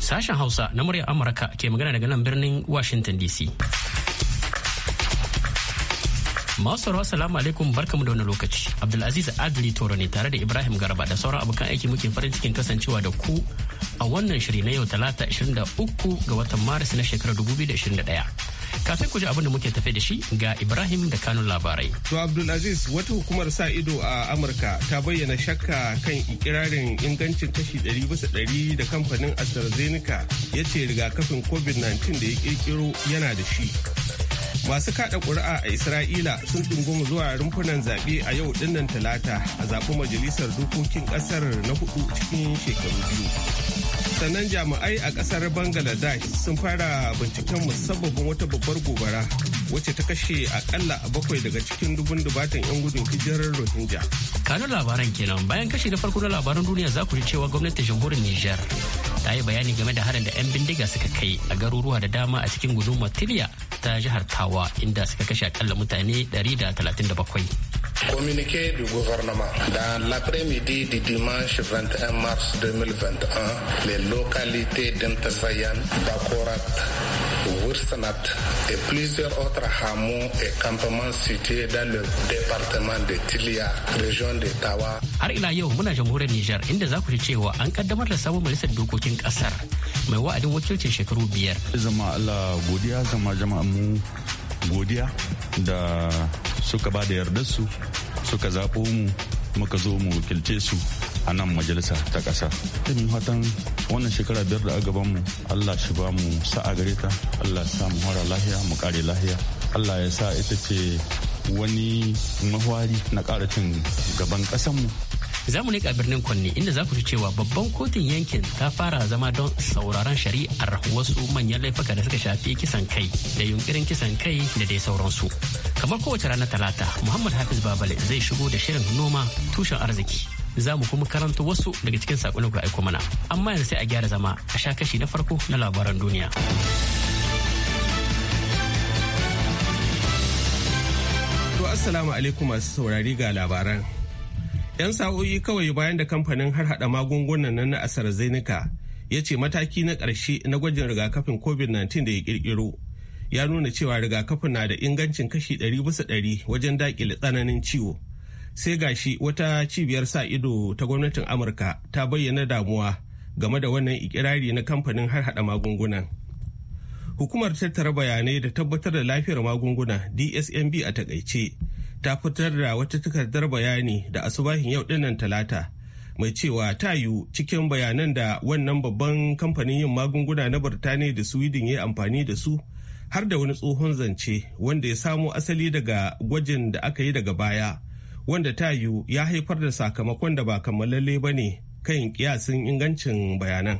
Sashen Hausa na muryar Amurka ke magana daga nan birnin Washington DC. Masu rawa salamu alaikum barkamu da wani lokaci. Abdulaziz Adli Toro ne tare da Ibrahim Garba da sauran abokan aiki muke farin cikin kasancewa da ku a wannan shiri na yau talata 23 ga watan Maris na shekarar 2021. kafin ku ji abin da muke tafe da shi ga ibrahim da kanun labarai to abdulaziz wata hukumar sa ido a amurka ta bayyana shakka kan ikirarin ingancin kashi 100 bisa ɗari da kamfanin astrazeneca ya ce rigakafin covid-19 da ya ƙirƙiro yana da shi masu kada ƙuri'a a isra'ila sun ɗunguma zuwa rumfunan zaɓe a yau dinnan talata a zaɓi majalisar dokokin ƙasar na hudu cikin shekaru biyu sannan jami'ai a kasar bangladesh sun fara binciken musabbabin wata babbar gobara wacce ta kashe akalla a bakwai daga cikin dubun dubatan 'yan gudun hijirar rohingya kanun labaran kenan bayan kashe na farko na labaran duniya za ku ji cewa gwamnatin jamhuriyar niger ta yi bayani game da harin da 'yan bindiga suka kai a garuruwa da dama a cikin gudun tiliya ta jihar tawa inda suka kashe akalla mutane 137 Communiqué du gouvernement. Dans l'après-midi du dimanche 21 mars 2021, les localités d'Intasayan, Bakorat, Wurstenat et plusieurs autres hameaux et campements situés dans le département de Tilia, région de Tawa. Har ila yau muna jamhuriyar Nijar inda za ku ji cewa an kaddamar da sabon majalisar dokokin kasar mai wa'adin wakilcin shekaru biyar. Zama Allah godiya zama jama'a mu godiya da suka ba da yardar su suka zaɓo mu muka zo mu wakilce su a nan majalisa ta ƙasa. Ta wannan shekara biyar da a gaban mu Allah shi ba mu sa'a gare ta Allah sa mu hara lahiya mu kare lahiya Allah ya sa ita ce wani mahwari na ƙara cin gaban ƙasanmu. Za mu leƙa birnin Kwanne inda za ku ci cewa babban kotun yankin ta fara zama don sauraron shari'ar wasu manyan laifuka da suka shafi kisan kai da yunkirin kisan kai da dai sauransu. kamar kowace ranar talata muhammad hafiz babale zai shigo da shirin noma tushen arziki za mu kuma karanta wasu daga cikin saƙonin ku aiko mana amma yanzu sai a gyara zama a sha kashi na farko na labaran duniya to assalamu alaikum masu saurari ga labaran yan sa'o'i kawai bayan da kamfanin har hada magungunan nan na asar zainika ya ce mataki na karshe na gwajin rigakafin covid-19 da ya ƙirƙiro ya nuna cewa rigakafin na da ingancin kashi ɗari bisa ɗari wajen dakile tsananin ciwo sai gashi wata cibiyar sa ido ta gwamnatin amurka ta bayyana damuwa game da wannan ikirari na kamfanin harhaɗa magungunan hukumar tattara bayanai da tabbatar da lafiyar magunguna dsmb a takaice ta fitar da wata takardar bayani da asubahin yau dinnan talata mai cewa ta yiwu cikin bayanan da wannan babban kamfanin yin magunguna na birtaniya da sweden ya yi amfani da su har da wani tsohon zance wanda ya samo asali daga gwajin da aka yi daga baya wanda ta yiwu ya haifar da sakamakon da ba kammalalle ba ne kan kiyasin ingancin bayanan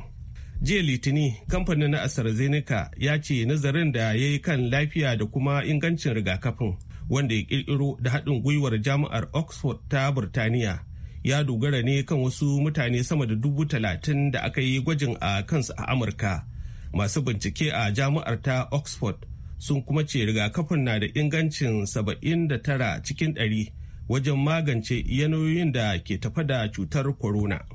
jiya litini kamfanin na astrazeneca ya ce nazarin da ya yi kan lafiya da kuma ingancin rigakafin wanda ya kirkiro da haɗin gwiwar jami'ar oxford ta burtaniya ya dogara ne kan wasu mutane sama da dubu talatin da aka yi gwajin a kansu a amurka masu bincike a jami'ar ta oxford sun kuma ce rigakafin na da ingancin 79 cikin 100 wajen magance yanayoyin da ke tafa da cutar corona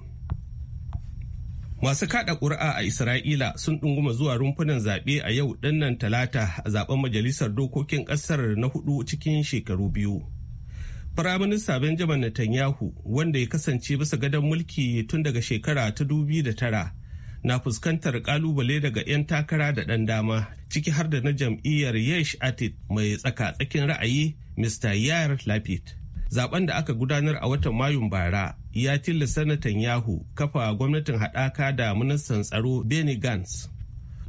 masu kada ƙuri'a a isra'ila sun ɗunguma zuwa rumfunan zaɓe a yau ɗannan talata a zaɓen majalisar dokokin ƙasar na hudu cikin shekaru biyu Firaminista Benjamin Netanyahu wanda ya kasance bisa gadon mulki tun daga shekara ta dubi da na fuskantar kalubale daga 'yan takara da ɗan dama ciki har da na jam'iyyar yesh atit mai tsaka-tsakin ra'ayi mr yar lapid zaben da aka gudanar a watan mayun bara ya tilla sanatan yahu kafa gwamnatin haɗaka da ministan tsaro benny Gans.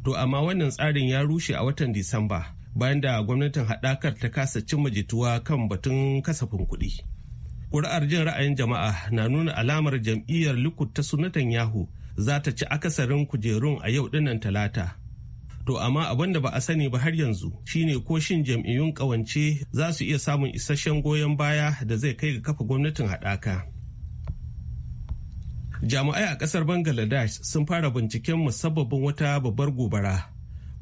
to amma wannan tsarin ya rushe a watan disamba bayan da gwamnatin haɗakar ta kasa cimma jituwa kan batun kasafin kuɗi ƙuri'ar jin ra'ayin jama'a na nuna alamar jam'iyyar likud ta sunatan yahu za ta ci akasarin kujerun a yau dinnan talata. To amma abin da ba a sani ba har yanzu shine ko shin jam'iyyun kawance za su iya samun isasshen goyon baya da zai kai ga kafa gwamnatin haɗaka. Jami'ai a ƙasar Bangladesh sun fara binciken musabbabin wata babbar gobara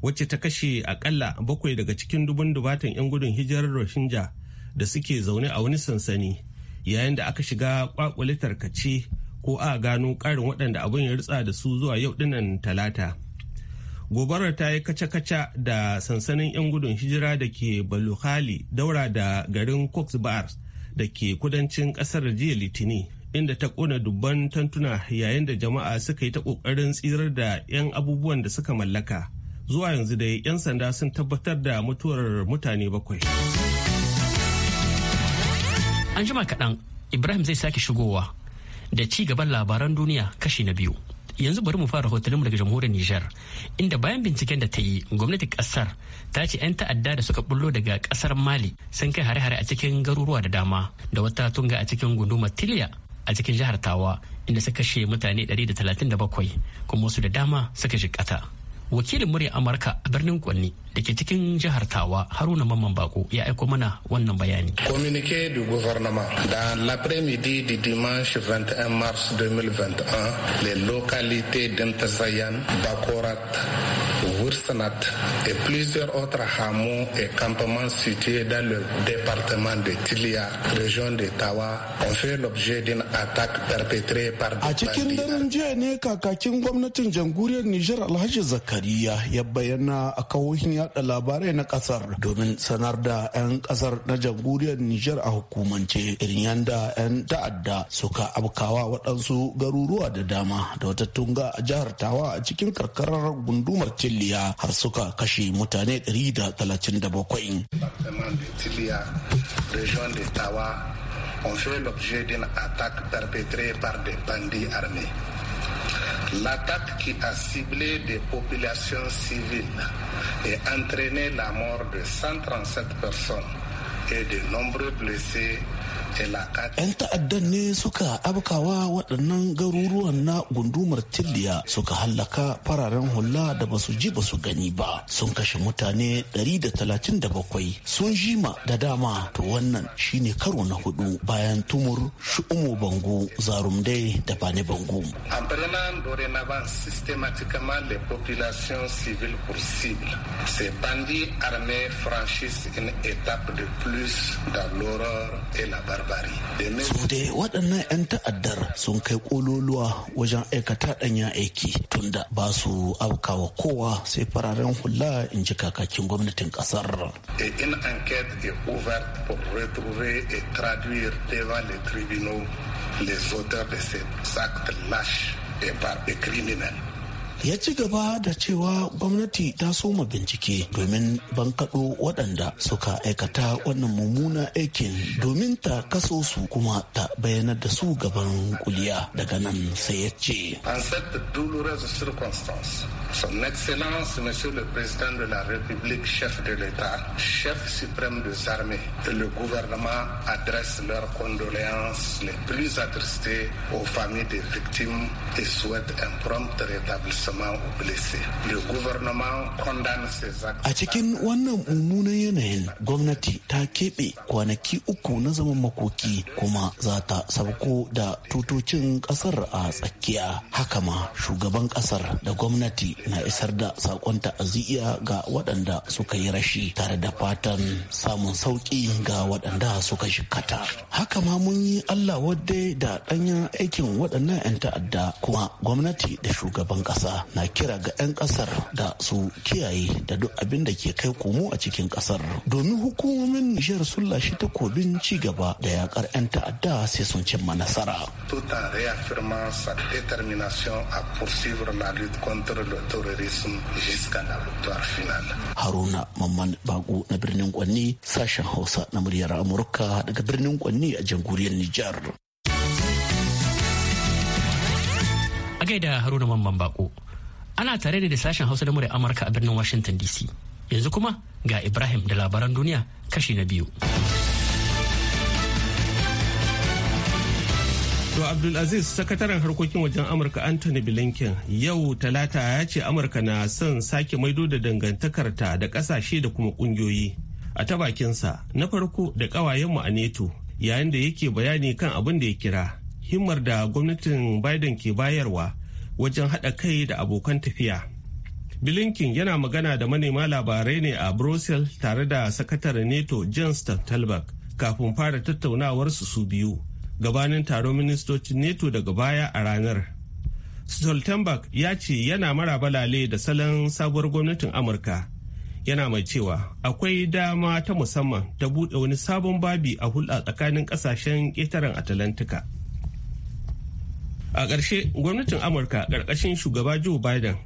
wacce ta kashe akalla bakwai daga cikin dubun dubatan 'yan gudun hijirar Rohingya da suke zaune a wani sansani yayin da aka shiga kwakwale tarkace ko a gano karin waɗanda abin ya ritsa da su zuwa yau dinnan talata gobarar ta yi kaca-kaca da sansanin 'yan gudun hijira da ke baluhali daura da garin cox bars da ke kudancin kasar jiya litini inda ta kona dubban tantuna yayin da jama'a suka yi ta ƙoƙarin tsirar da 'yan abubuwan da suka mallaka zuwa yanzu dai 'yan sanda sun tabbatar da mutuwar mutane bakwai an jima kaɗan ibrahim zai sake shigowa da ci gaban labaran duniya kashi na biyu. Yanzu bari mu fara hotunanmu daga jamhuriyar Nijar, inda bayan binciken da ta yi gwamnati kasar ta ce 'yan ta'adda da suka bullo daga kasar Mali sun kai hare-hare a cikin garuruwa da dama da wata tunga a cikin gundumar Tiliya a cikin jihar Tawa inda suka kashe mutane 137 kuma wasu da dama suka jikata. wakilin murya amurka a birnin kwanni da ke cikin jihar tawa haruna mamman bako ya aiko mana wannan bayani communique du gouvernement dans l'après-midi du dimanche 21 mars 2021 les localités d'intazayan bakorat Ursanat et plusieurs autres hameaux et campements situés dans le département de Tilia, région de Tawa, ont fait l'objet d'une attaque perpétrée par des A daren jiya ne kakakin gwamnatin jamhuriyar Nijar Alhaji Zakariya ya bayyana a kawohin yada labarai na kasar domin sanar da 'yan kasar na jamhuriyar Nijar a hukumance irin yanda 'yan ta'adda suka abkawa waɗansu garuruwa da dama da wata tunga a jihar Tawa a cikin karkarar gundumar Tilliya La har suka kashe mutane 137. ont fait l'objet d'une attaque perpétrée par des bandits armés. L'attaque qui a ciblé des populations civiles et entraîné la mort de 137 personnes et de nombreux blessés 'Yan ta'addan ne suka abkawa waɗannan garuruwan na gundumar Tilliya suka hallaka fararen hula da ba su ji ba su gani ba. Sun kashe mutane 137 sun jima da dama to wannan shine karo na hudu bayan tumur shu'umu bango zarumdai da bani bango. Ces bandits armés franchissent une étape de plus dans l'horreur et la barbarie. labari su dai waɗannan 'yan ta'addar sun kai ƙololuwa wajen aikata ɗanya aiki tunda ba su aukawa kowa sai fararen hula in ji kakakin gwamnatin ƙasar in enquête est ouverte pour retrouver et traduire devant les tribunaux les auteurs de cet acte lâche et par des criminels ya ci gaba da cewa gwamnati ta soma bincike domin bankaɗo waɗanda suka aikata wannan mummuna aikin domin ta kaso su kuma ta bayanar da su gaban kuliya daga nan sai ya ce Son Excellence, Monsieur le Président de la République, chef de l'État, chef suprême des armées, et le gouvernement adresse leurs condoléances les plus attristées aux familles des victimes et souhaite un prompt rétablissement. A cikin wannan mummunan yanayin gwamnati ta keɓe kwanaki uku na zaman makoki kuma za ta sauko da tutocin ƙasar a tsakiya. Haka ma shugaban ƙasar da gwamnati na isar da saƙon ta'aziyya ga waɗanda suka yi rashi tare da fatan samun sauƙi ga waɗanda suka shikata. Haka ma mun yi Allah wadda da ɗanyen aikin waɗannan 'yan ta'adda kuma gwamnati da shugaban ƙasa na kira ga 'yan kasar da su kiyaye da duk abin da ke kai komo a cikin kasar domin hukumomin nijar sun lashe takobin ci gaba da yakar 'yan ta'adda sai sun cimma nasara haruna mamman bago na birnin kwanni sashen hausa na muryar amurka daga birnin kwanni a jamhuriyar nijar a gaida haruna mamman bako ana tare da sashen hausa da murai amurka a birnin washington dc yanzu kuma ga ibrahim da labaran duniya kashi na biyu to abdulaziz sakataren harkokin wajen amurka anthony blinken yau talata ya ce amurka na son sake maido da dangantakarta da kasashe da kuma kungiyoyi a ta bakinsa na farko da kawayenmu a neto yayin da yake bayani kan abin da ya kira himmar da gwamnatin biden ke bayarwa wajen haɗa kai da abokan tafiya. Blinken yana magana da manema labarai ne a Brussels tare da sakataren NATO Jens Stoltenberg kafin fara tattaunawar su biyu gabanin taron ministocin NETO daga baya a ranar. Stoltenberg ya ce yana mara balale da salon sabuwar gwamnatin Amurka. Yana mai cewa akwai dama ta musamman ta buɗe wani sabon babi a hulɗa tsakanin ƙasashen ƙetaren Atalantika. a ƙarshe gwamnatin amurka ƙarƙashin shugaba joe biden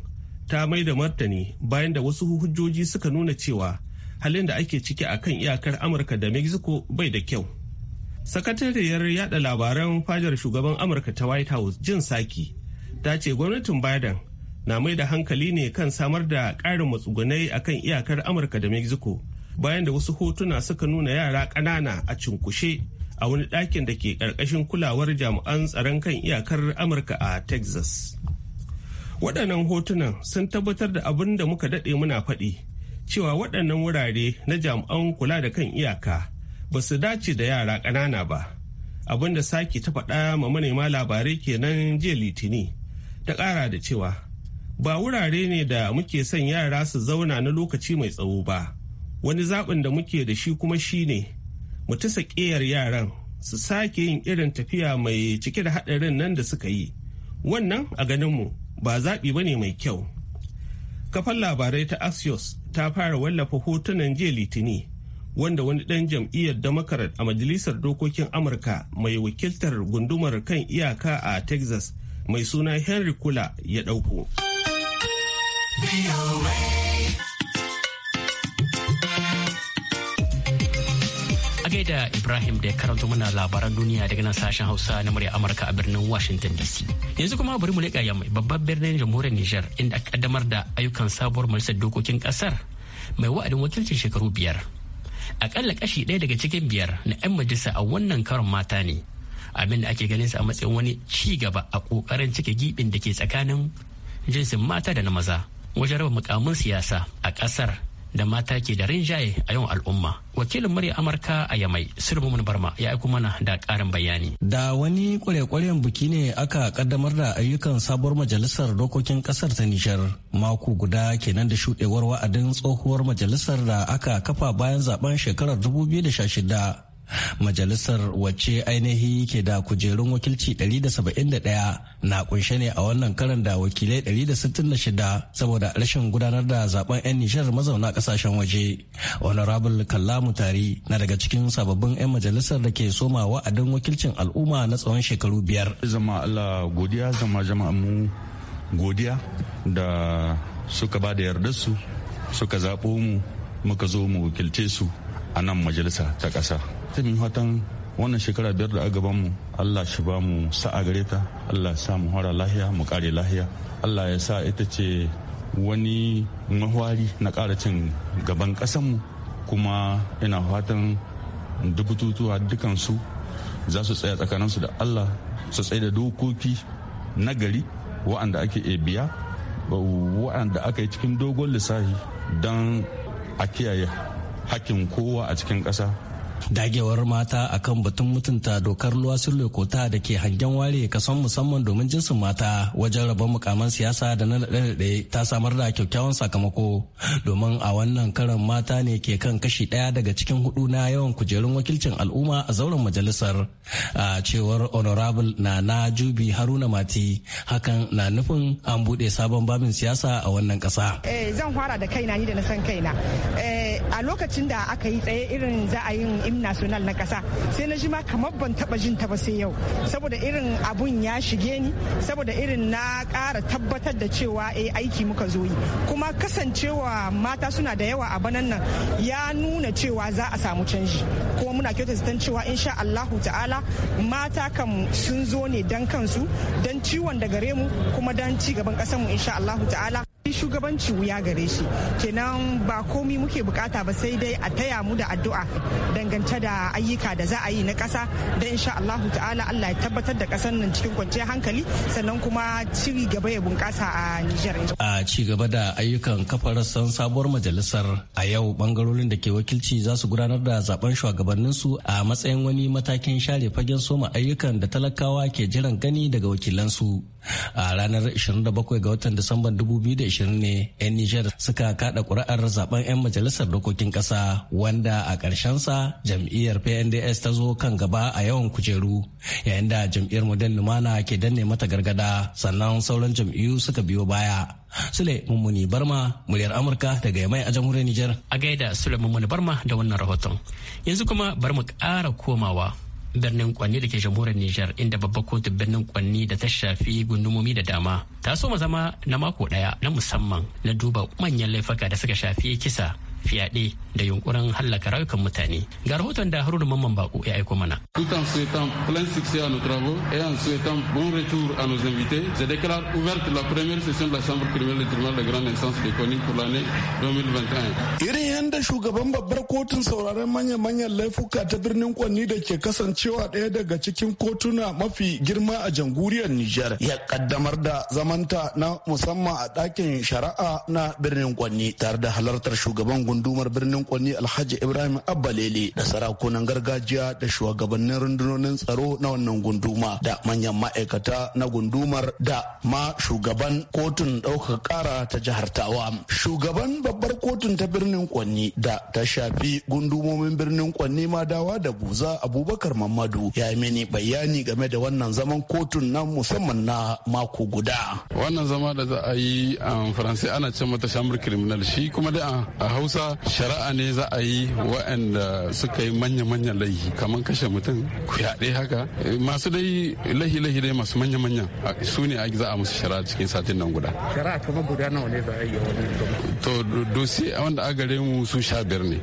ta mai da martani bayan da wasu hujjoji suka nuna cewa halin da ake ciki a kan iyakar amurka da mexico bai da kyau sakatariyar yada labaran fajar shugaban amurka ta white house jin saki ta ce gwamnatin biden na mai da hankali ne kan samar da ƙarin matsugunai a kan iyakar amurka da mexico bayan da wasu hotuna suka nuna yara ƙanana a cunkushe a wani ɗakin da ke ƙarƙashin kulawar jami'an tsaron kan iyakar amurka a texas waɗannan hotunan sun tabbatar da abin da muka daɗe muna faɗi cewa waɗannan wurare na jami'an kula da kan iyaka ba su dace da yara ƙanana ba abin da sake ta faɗa ma manema labarai kenan jiya litini ta ƙara da cewa ba wurare ne da muke son yara su zauna na lokaci mai tsawo ba wani zaɓin da muke da shi kuma shine mu ta sakiyar yaran su sake yin irin tafiya mai cike da haɗarin nan da suka yi wannan a ganinmu ba zaɓi ba ne mai kyau kafan labarai ta axios ta fara wallafa hotunan jiya litini wanda wani ɗan jam'iyyar democrat a majalisar dokokin amurka mai wakiltar gundumar kan iyaka a texas mai suna henry kula ya ɗauko. da Ibrahim da ya karanto mana labaran duniya daga nan sashen Hausa na murya Amurka a birnin Washington DC. Yanzu kuma bari mu leƙa mai babban birnin jamhuriyar Nijar inda aka kaddamar da ayyukan sabuwar majalisar dokokin ƙasar mai wa'adin wakilcin shekaru biyar. Akalla kashi ɗaya daga cikin biyar na 'yan majalisa a wannan karon mata ne. Abin da ake ganin sa a matsayin wani ci gaba a ƙoƙarin cike giɓin da ke tsakanin jinsin mata da na maza wajen raba mukamin siyasa a ƙasar da mata ke da rinjaye a yawan al'umma wakilin murya amurka a yamai sirbumin barma ya aiko mana da ƙarin bayani da wani kware-kwaren biki ne aka kaddamar da ayyukan sabuwar majalisar dokokin ƙasar ta nishar mako guda kenan da shuɗewar wa'adin tsohuwar majalisar da aka kafa bayan zaben shekarar 2016 Majalisar wacce ainihi ke da kujerun wakilci 171 na kunshe ne a wannan karan da wakilai 166 saboda rashin gudanar da zaben 'yan nishar mazauna kasashen waje. Honorable Kallamu Tari na daga cikin sababbin 'yan majalisar da ke soma wa'adin wakilcin al'umma na tsawon shekaru biyar. Zama Allah godiya zama jama'a godiya da suka ba da yardarsu suka zaɓo mu muka zo mu wakilce su a nan majalisa ta ƙasa. ta min wannan shekara biyar da a gaban mu Allah shi ba mu sa'a gare ta Allah sa mu hara lahiya mu kare lahiya Allah ya sa ita ce wani mahwari na ƙara cin gaban mu kuma ina fatan dubututuwa su za su tsaya tsakanin su da Allah su tsaye da dokoki na gari wa'anda ake biya wa'anda aka yi cikin dogon lissafi don a kiyaye hakkin kowa a cikin ƙasa dagewar mata akan batun mutunta dokar luwasun lokota da ke hangen ware kason musamman domin jinsin mata wajen rabon mukaman siyasa da na daɗe ta samar da kyakkyawan sakamako domin a wannan karan mata ne ke kan kashi ɗaya daga cikin hudu na yawan kujerun wakilcin al'umma a zauren majalisar a cewar honorable na na jubi haruna mati hakan na nufin an buɗe sabon babin siyasa a wannan kasa. Eh, zan fara da kaina ni da na san kaina eh, a lokacin da aka yi tsaye irin za a yin himn national na kasa sai na ji ma kamar ban taba jin ta ba sai yau saboda irin abun ya shige ni saboda irin na kara tabbatar da cewa eh aiki muka zo yi kuma kasancewa mata suna da yawa a banan nan ya nuna cewa za a samu canji kuma muna kyautar zaton cewa insha Allahu ta'ala mata kam sun zo ne dan kansu dan ciwon da gare mu kuma dan ci gaban kasar mu insha Allahu ta'ala shugabanci wuya gare shi kenan ba komi muke bukata ba sai dai a taya mu da addu'a dangance da ayyuka da za a yi na kasa da insha Allahu ta'ala Allah ya tabbatar da kasar nan cikin kwanciyar hankali sannan kuma ci gaba ya bunkasa a Niger a ci gaba da ayyukan kafar san sabuwar majalisar a yau bangarorin da ke wakilci za su gudanar da zaben shugabannin su a matsayin wani matakin share fagen soma ayyukan da talakawa ke jiran gani daga wakilansu a ranar 27 ga watan Disamban 2020 ne 'yan Nijar suka kada kuri'ar zaben 'yan majalisar dokokin kasa. wanda a ƙarshensa jam'iyyar PNDS ta zo kan gaba a yawan kujeru yayin da jam'iyyar Model Lumana ke danne mata gargada sannan sauran jam'iyyu suka biyo baya. Sule Mummuni Barma, muryar Amurka daga Yamai a jamhuriyar Nijar. A gaida Sule Mummuni Barma da wannan rahoton. Yanzu kuma bar mu ƙara komawa birnin kwanni da ke jamhuriyar Nijar inda babbar kotun birnin kwanni da ta shafi gundumomi da dama ta so zama na mako daya na musamman na duba manyan laifuka da suka shafi kisa fyaɗe da yunkurin hallaka rayukan mutane ga rahoton da haruna mamman bako ya aiko mana tout en souhaitant plein succès à nos travaux et en souhaitant bon retour à nos invités je déclare ouverte la première session de la chambre criminelle du tribunal de grande instance de Koni pour l'année 2021 irin yanda shugaban babbar kotun sauraron manya-manyan laifuka ta birnin kwanni da ke kasancewa ɗaya daga cikin kotuna mafi girma a jamhuriyar Nijar ya kaddamar da zamanta na musamman a ɗakin shari'a na birnin kwanni tare da halartar shugaban gundumar birnin Kwanni Alhaji Ibrahim Abbalele da sarakunan gargajiya da shugabannin rundunonin tsaro na wannan gunduma da manyan ma'aikata na gundumar da ma shugaban kotun ɗaukar ƙara ta jihar Tawa. Shugaban babbar kotun ta birnin Kwanni da ta shafi gundumomin birnin Kwanni ma dawa da Buza Abubakar Mamadu ya yi mini bayani game da wannan zaman kotun na musamman na mako guda. Wannan zama da za a yi a um, Faransai ana cewa mata shamur criminal shi kuma da uh, a Hausa kusa shari'a ne za a yi waɗanda suka yi manya-manyan laihi kamar kashe mutum yaɗe haka masu dai lahi-lahi dai masu manya-manya su ne za a musu shari'a cikin satin nan guda. Shari'a kuma guda nawa ne za a yi wani To dosi wanda a gare mu su sha biyar ne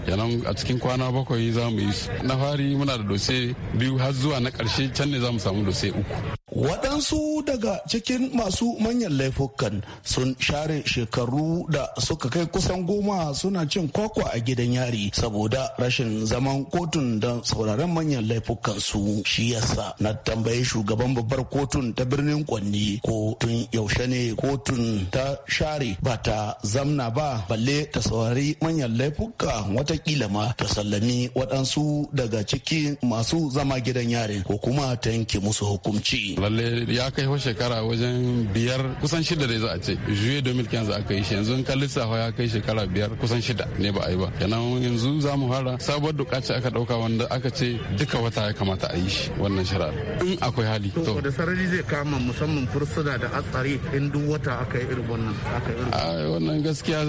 a cikin kwana bakwai za mu yi na fari muna da dosi biyu har zuwa na ƙarshe can ne za mu samu dosi uku. Waɗansu daga cikin masu manyan laifukan sun share shekaru da suka kai kusan goma suna cin kwakwa a gidan yari saboda rashin zaman kotun don sauraron manyan laifukansu shi yasa na tambayi shugaban babbar kotun ta birnin kwanni ko tun yaushe ne kotun ta share ba ta zamna ba balle ta saurari manyan laifuka watakila ma ta sallami waɗansu daga cikin masu zama gidan yari ko kuma ta yanke musu hukunci. Lalle ya kai shekara wajen biyar kusan shida da za a ce. Juye 2015 aka yi shi yanzu in lissafa ya kai shekara biyar kusan shida. ne ba a yi ba kenan yanzu za mu fara sabuwar doka ce aka dauka wanda aka ce duka wata ya kamata a yi shi wannan shari'ar in akwai hali to da sarari zai kama musamman fursuna da atsare in duk wata aka yi irin wannan aka yi irin wannan gaskiya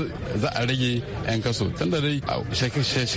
za a rage yan kaso tunda dai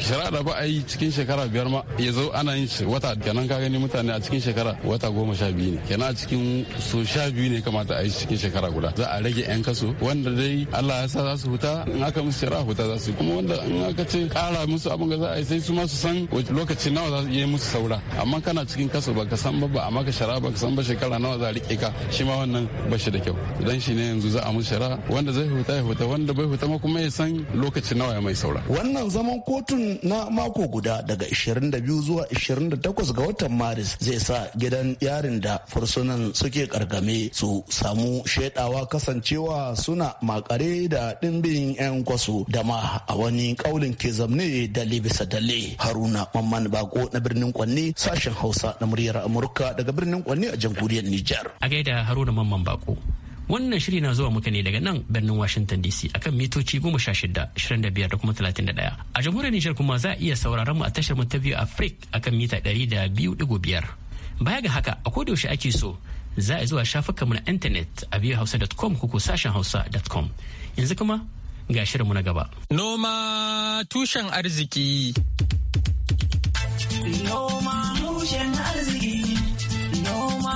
shari'a da ba a yi cikin shekara biyar ma ya zo ana yin wata kenan ka gani mutane a cikin shekara wata goma sha biyu ne kenan a cikin so sha biyu ne kamata a yi cikin shekara guda za a rage yan kaso wanda dai Allah ya sa za su huta in aka musu shari'a huta za su kuma wanda in aka ce kara musu abin ga za a yi sai su masu san lokaci nawa za su iya musu saura amma kana cikin kaso ba ka san ba ba amma ka shara ba ka san ba shekara nawa za a rike ka shi ma wannan ba shi da kyau dan shi ne yanzu za a musu shara wanda zai huta ya huta wanda bai huta ma kuma ya san lokaci nawa ya mai saura wannan zaman kotun na mako guda daga 22 zuwa 28 ga watan maris zai sa gidan yarin da fursunan suke kargame su samu shaidawa kasancewa suna makare da dimbin 'yan kwaso da ma a wani kaulin ke zamne da bisa dalle haruna mamman bako na birnin kwanne sashen hausa na muryar amurka daga birnin kwanne a jamhuriyar nijar a gaida haruna mamman bako wannan shiri na zuwa muka ne daga nan birnin washington dc akan mitoci goma sha shida shirin da biyar da kuma talatin da daya a jamhuriyar nijar kuma za a iya sauraron mu a tashar mu ta biyu afrik akan mita ɗari da biyu digo biyar baya ga haka a yaushe ake so za a zuwa shafukanmu na intanet a biyu hausa.com ko sashen hausa.com yanzu kuma ga shirinmu na gaba. Noma tushen arziki. Noma tushen arziki. Noma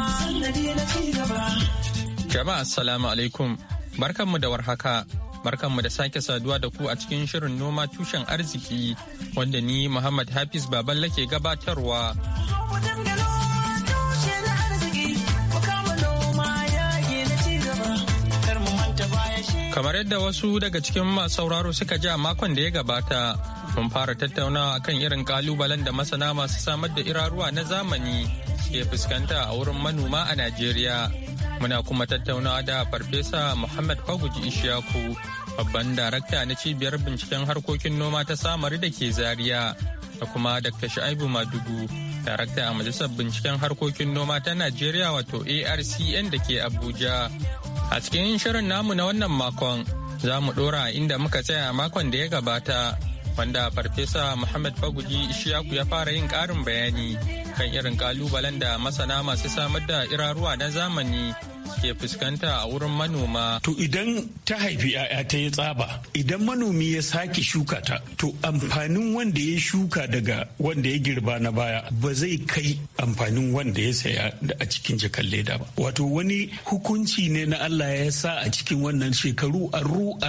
Jama'a assalamu alaikum. Barkanmu da warhaka. Barkanmu da sake saduwa da ku a cikin shirin noma tushen arziki wanda ni Muhammad Hafiz Baballa ke gabatarwa. Kamar yadda wasu daga cikin masu sauraro suka ji a makon da ya gabata, mun fara tattaunawa kan irin kalubalen da masana masu samar da iraruwa na zamani ke fuskanta a wurin manoma a Najeriya. Muna kuma tattaunawa da Farfesa Muhammad Faguji Ishaku, babban darakta na cibiyar binciken harkokin noma ta samari da ke Zaria, da kuma Dr. Sha'ibu Madugu, darakta a Majalisar Binciken Harkokin Noma ta Najeriya wato ARCN da ke Abuja. A cikin shirin namu na wannan makon za mu ɗora inda muka tsaya makon da ya gabata wanda Farfesa Muhammad Faguji Ishaku ya fara yin ƙarin bayani kan irin ƙalubalen da masana masu samar da iraruwa na zamani ke fuskanta a wurin manoma. To idan ta haifi 'ya'ya ta yi tsaba, idan manomi ya sake shuka ta, to amfanin wanda ya shuka daga wanda ya girba na baya ba zai kai amfanin wanda ya saya a cikin jakar leda ba. Wato wani hukunci ne na Allah ya sa a cikin wannan shekaru a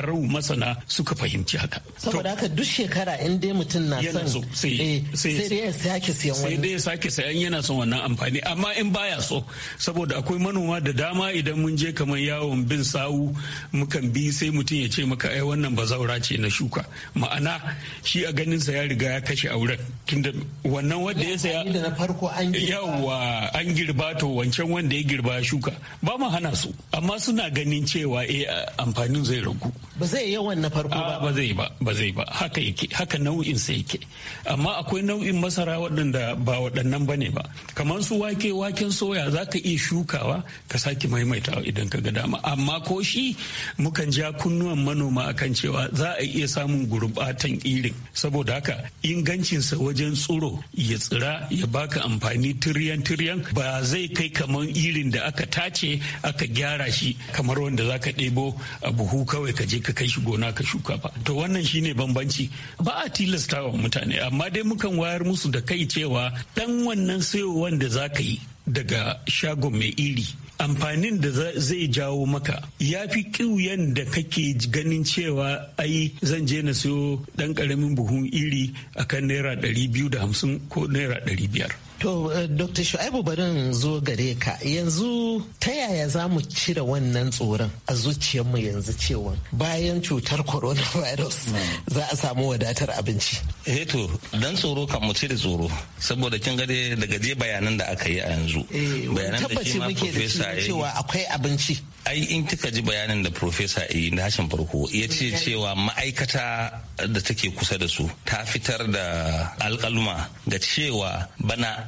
rau masana suka fahimci haka. Saboda haka duk shekara in dai mutum na son eh, sai dai ya sake sayan wani. Sai dai ya sake sayan yana son wannan amfani amma in baya so saboda akwai manoma da dama idan mun je kamar yawon bin sawu mukan bi sai mutum ya ce maka ai wannan bazaura ce na shuka ma'ana shi a ganin sa ya riga ya kashe auren tunda wannan wanda ya saya yawa an girba to wancan wanda ya girba shuka ba mu hana su amma suna ganin cewa eh amfanin zai ragu ba zai yi yawan na farko ba ba zai ba ba zai ba haka yake haka nau'in sa yake amma akwai nau'in masara waɗanda ba waɗannan bane ba kamar su wake waken soya zaka iya shukawa ka sake mai maimaita idan ka ga dama amma ko shi mukan ja kunnuwan manoma akan cewa za a iya samun gurbatan irin saboda haka ingancinsa wajen tsiro ya tsira ya baka amfani tiriyan tiriyan ba zai kai kamar irin da aka tace aka gyara shi kamar wanda za ka ɗebo a buhu kawai ka je ka kai shi gona ka shuka ba to wannan shine bambanci ba a tilasta wa mutane amma dai mukan wayar musu da kai cewa dan wannan sayowar da za ka yi daga shagon mai iri amfanin da zai jawo maka ya fi ƙauyen da kake ganin cewa ai zan je na siyo ɗan ƙaramin buhun iri akan naira 250 ko naira 500 To, eh, Dr. Shu'aibu barin zo gare ka yanzu ta yaya za mu cire wannan tsoron a zuciyarmu yanzu cewa bayan cutar coronavirus hmm. za a samu wadatar abinci. Eh to, dan tsoro kan mu cire tsoro saboda kin gade daga je bayanan da aka yi a yanzu. Eh, bayanan da shi ma profesa ya cewa akwai abinci. Ai in kika ji bayanin da profesa ya yi na farko ya ce eh, cewa ma'aikata da take kusa da su ta fitar da alkaluma ga cewa bana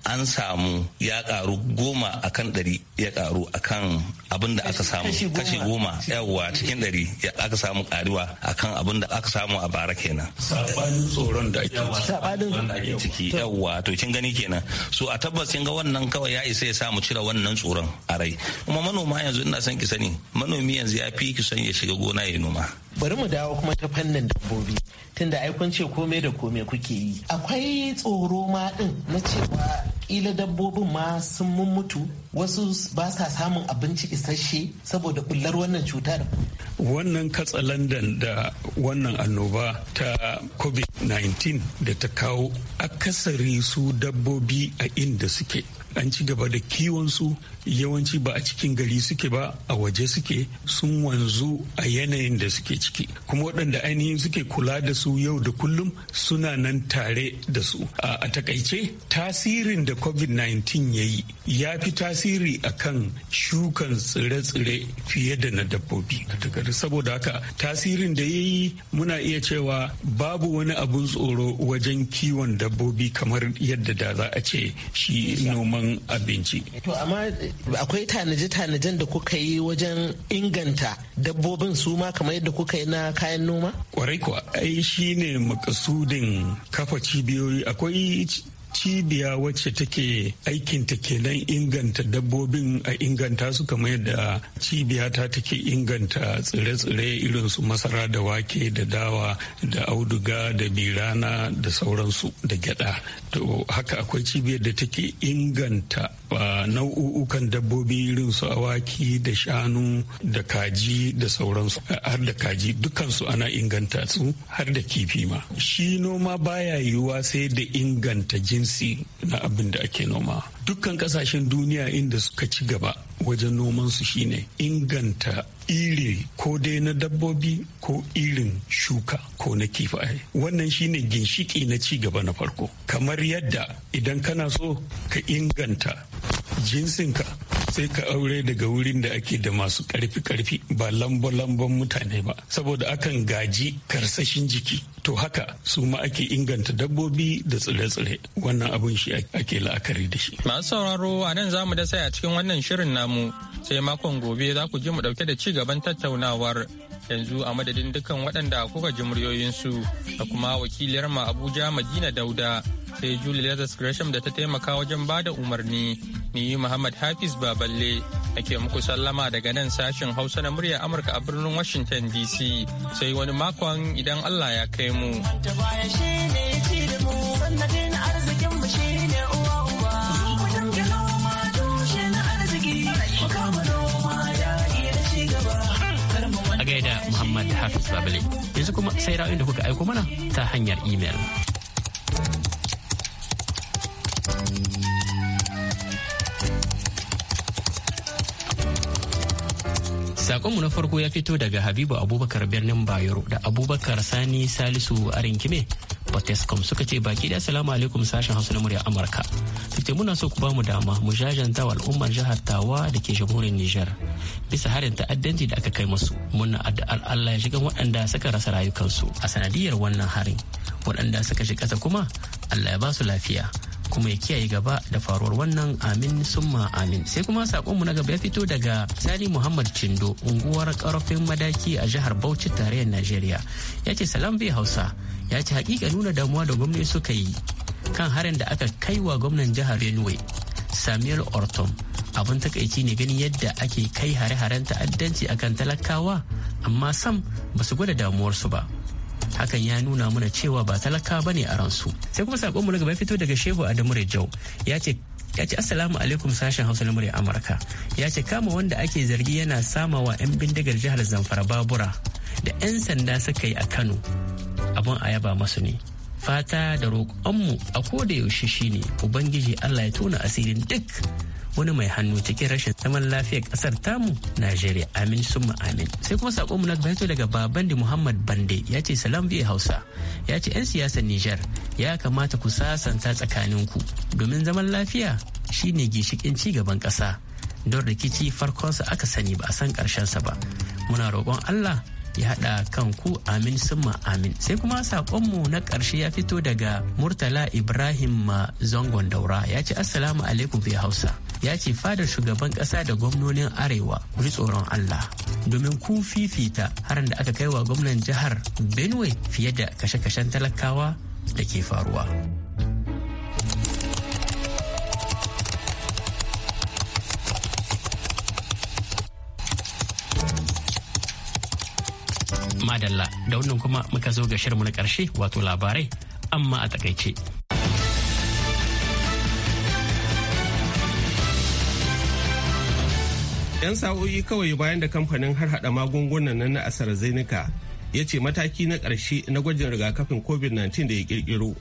an samu ya karu goma a kan ɗari ya karu a kan abin da aka samu kashi goma yawwa cikin ɗari aka samu karuwa a kan abin da aka samu a bara kenan sabanin tsoron da ake ciki yawwa to kin gani kenan so a tabbas kin ga wannan kawai ya isa ya samu cire wannan tsoron a rai kuma manoma yanzu ina son ki sani manomi yanzu ya fi ki son ya shiga gona ya noma bari mu dawo kuma ta fannin dabbobi tunda ai kun ce komai da komai kuke yi akwai tsoro ma din na cewa kila dabbobin ma sun mummutu wasu ba sa samun abinci isasshe saboda bullar wannan cutar wannan katsalandan da wannan annoba ta covid-19 da ta kawo akasari su dabbobi a inda suke an ci gaba da kiwonsu yawanci ba a cikin gari suke ba a waje suke sun wanzu a yanayin da suke ciki kuma waɗanda ainihin suke kula da su yau da kullum suna nan tare da su a takaice tasirin da covid-19 ya yi ya fi tasiri a kan shukan tsire-tsire fiye da na dabbobi saboda haka tasirin da ya yi muna iya cewa babu wani abun tsoro wajen kiwon dabbobi kamar yadda da za a ce shi noman abinci akwai tanaje-tanajen da kuka yi wajen inganta dabbobin su ma kamar yadda kuka yi na kayan noma? Kwarai kuwa, ai shi ne makasudin kafa cibiyoyi akwai cibiya wacce take aikinta kenan inganta dabbobin a inganta su kamar yadda cibiya ta take inganta tsire-tsire irin su masara da wake da dawa da auduga da birana da sauransu da gyada to haka akwai cibiyar da take inganta nau'ukan dabbobi irin su awaki da shanu da kaji da sauransu har da kaji dukansu ana inganta su har da kifi ma shi noma baya yiwuwa sai da inganta jin jinsi na abin da ake noma dukkan kasashen duniya inda suka ci gaba wajen nomansu shine inganta iri ko dai na dabbobi ko irin shuka ko na kifaye wannan shine ginshiki na ci gaba na farko kamar yadda idan kana so ka inganta jinsinka sai ka aure daga wurin da ake da masu karfi-karfi ba lambo-lambon mutane ba saboda akan gaji karsashin jiki to haka su ma ake inganta dabbobi da tsire-tsire wannan abun shi ake la'akari da shi masu sauraro a nan zamu da sai a cikin wannan shirin namu sai makon gobe za ku ji mu dauke da ci gaban tattaunawar yanzu a madadin dukkan waɗanda kuka ji muryoyinsu da kuma wakiliyar mu abuja madina dauda sai Julie Lazarus Gresham da ta taimaka wajen ba da umarni. Ni Muhammad Hafiz Baballe ake muku sallama daga nan sashen Hausa na murya Amurka a birnin Washington DC. Sai wani makon idan Allah ya kai mu. Muhammad Hafiz Baballe yanzu kuma sai ra'ayin da kuka aiko mana ta hanyar imel. Sakonmu na farko ya fito daga Habibu Abubakar birnin Bayero da Abubakar Sani Salisu Arinkime Potescom suka ce baki da salamu alaikum sashen Hausa na murya Amurka. Suke muna so ku ba mu dama mu jajanta wa al'ummar jihar Tawa da ke jamhuriyar Nijar bisa harin ta'addanci da aka kai musu. Muna addu'ar Allah ya shiga waɗanda suka rasa rayukansu a sanadiyar wannan harin. Waɗanda suka shiga kuma Allah ya ba su lafiya. kuma ya kiyaye gaba da faruwar wannan amin summa amin sai kuma sakonmu na gaba ya fito daga sani muhammad cindo unguwar karfin madaki a jihar bauchi tarayyar najeriya ya ce salam bai hausa ya ce hakika nuna damuwa da gwamnati suka yi kan harin da aka kai wa gwamnan jihar benue samuel ortom abin takaici ne ganin yadda ake kai hare-haren ta'addanci akan talakawa amma sam ba su gwada damuwarsu ba hakan ya nuna mana cewa ba talaka ba ne a ransu sai kuma mu na gaba fito daga shehu adamu rejau ya ce ya ce assalamu alaikum sashen hausa na murya amurka ya ce kama wanda ake zargi yana sama wa 'yan bindigar jihar zamfara babura da 'yan sanda suka yi a kano abun a yaba masu ne fata da roƙonmu a koda yaushe shine ubangiji allah ya tona asirin duk wani mai hannu cikin rashin zaman lafiyar kasar tamu najeriya amin summa amin sai kuma sako mu na gabato daga babandi muhammad bande ya ce salam biya hausa ya ce 'yan siyasar niger ya kamata ku sasanta tsakaninku domin zaman lafiya shine gishikin ci gaban ƙasa don rikici farkonsa aka sani ba a san sa ba muna roƙon allah ya haɗa kan ku amin summa amin sai kuma saƙonmu na ƙarshe ya fito daga murtala ibrahim ma daura ya ce assalamu alaikum fi hausa ya ce fadar shugaban ƙasa da gwamnonin arewa ku tsoron Allah domin kun fifita harin da aka kai wa gwamnan jihar Benue fiye da kashe-kashen talakawa da ke faruwa. Madalla da wannan kuma muka zo ga shirmu na ƙarshe wato labarai amma a takaice. 'Yan sa'o'i kawai bayan da kamfanin har hada magungunan nan na asar zainika ya ce mataki na ƙarshe na gwajin rigakafin COVID-19 da ya kirkiro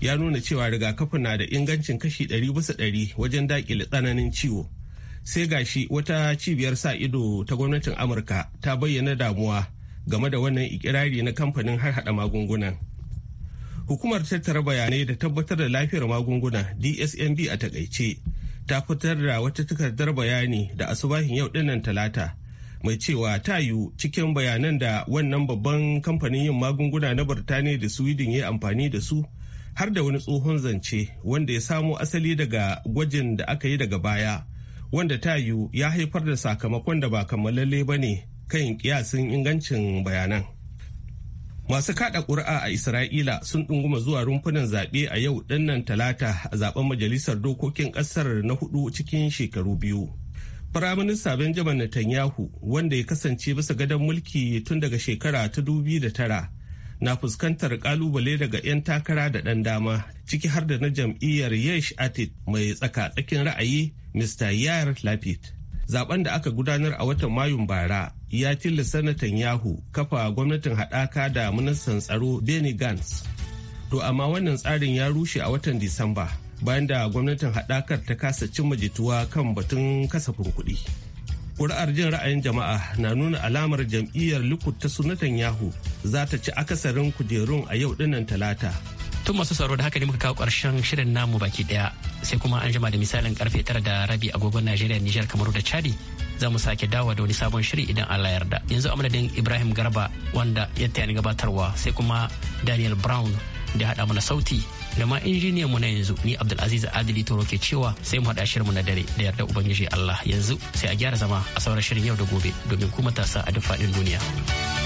ya nuna cewa rigakafin na da ingancin kashi 100 bisa 100 wajen daƙile tsananin ciwo. Sai gashi wata cibiyar sa ido ta gwamnatin Amurka ta bayyana damuwa game da wannan ikirari na kamfanin har hada magungunan. Hukumar tattara bayanai da tabbatar da lafiyar magunguna DSMB a takaice. ta fitar da wata takardar bayani da asubahin yau dinnan talata mai cewa ta yiwu cikin bayanan da wannan babban kamfanin yin magunguna na birtaniya da sweden ya amfani da su har da wani tsohon zance wanda ya samo asali daga gwajin da aka yi daga baya wanda ta yiwu ya haifar da sakamakon da ba kammalalle ba ne kan kiyasin ingancin bayanan Masu kada ƙuri'a a Isra'ila sun ɗunguma zuwa rumfunan zaɓe a yau ɗannan talata a zaben majalisar dokokin ƙasar na hudu cikin shekaru biyu. Firaminista Benjamin Netanyahu wanda ya kasance bisa gadon mulki tun daga shekara ta dubi da tara na fuskantar kalubale daga 'yan takara da ɗan dama ciki har da na jam'iyyar Yesh Atid mai tsaka-tsakin ra'ayi Mr. yar Lapid. Zaben da aka gudanar a watan Mayun bara ya tilla sanatan yahu kafa gwamnatin haɗaka da ministan tsaro benny gantz to amma wannan tsarin ya rushe a watan disamba bayan da gwamnatin haɗakar ta kasa cimma jituwa kan batun kasafin kuɗi ƙuri'ar jin ra'ayin jama'a na nuna alamar jam'iyyar likud ta sunatan yahu za ta ci akasarin kujerun a yau dinnan talata tun masu tsaro da haka ne muka kawo ƙarshen shirin namu baki ɗaya sai kuma an jima da misalin karfe tara da rabi agogon najeriya nijar kamaru da chadi za mu sake dawa da wani sabon shiri idan Allah yarda yanzu amadadin Ibrahim Garba wanda ya tayani gabatarwa sai kuma Daniel Brown da haɗa mana sauti da ma injiniyan mu na yanzu ni Abdulaziz Adili Toro ke cewa sai mu haɗa shirinmu na dare da yarda Ubangiji Allah yanzu sai a gyara zama a sauran shirin yau da gobe domin kuma tasa a duk faɗin duniya.